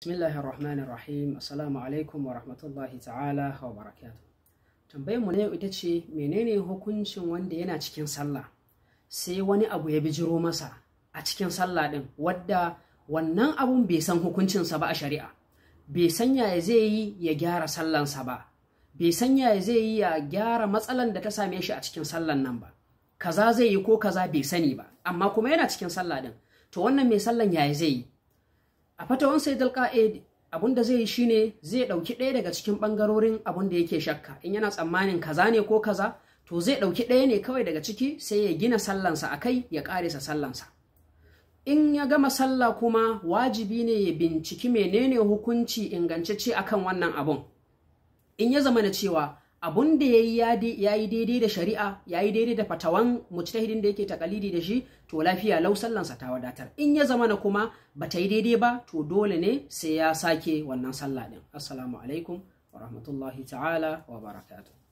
Bismillahir Rahmanir Rahim. Assalamu alaikum wa rahmatullahi ta'ala wa barakatuh. Tambayar mu na yau ita ce menene hukuncin wanda yana cikin sallah sai wani abu ya bijiro masa a cikin sallah din wadda wannan abun bai san hukuncinsa ba a shari'a. Bai san ya zai yi ya gyara sallansa ba. Bai san ya zai yi ya gyara matsalan da ta same shi a cikin sallan nan ba. Kaza zai yi ko kaza bai sani ba amma kuma yana cikin sallah din. To wannan mai sallan ya zai yi? a fatawan sai al abin da zai yi shine zai dauki ɗaya daga cikin bangarorin abun da yake shakka in yana tsammanin kaza ne ko kaza to zai dauki ɗaya ne kawai daga ciki sai ya gina sallansa akai ya sa sallansa in ya gama sallah kuma wajibi ne ya binciki menene hukunci ingantacce akan wannan abun in ya zama na cewa abun da ya yi daidai da shari'a ya yi daidai da fatawan mujtahidin da yake takalidi da shi to lafiya lau sallansa ta wadatar in ya zama na kuma ba ta yi daidai ba to dole ne sai ya sake wannan sallah din assalamu alaikum wa rahmatullahi ta'ala wa barakatuh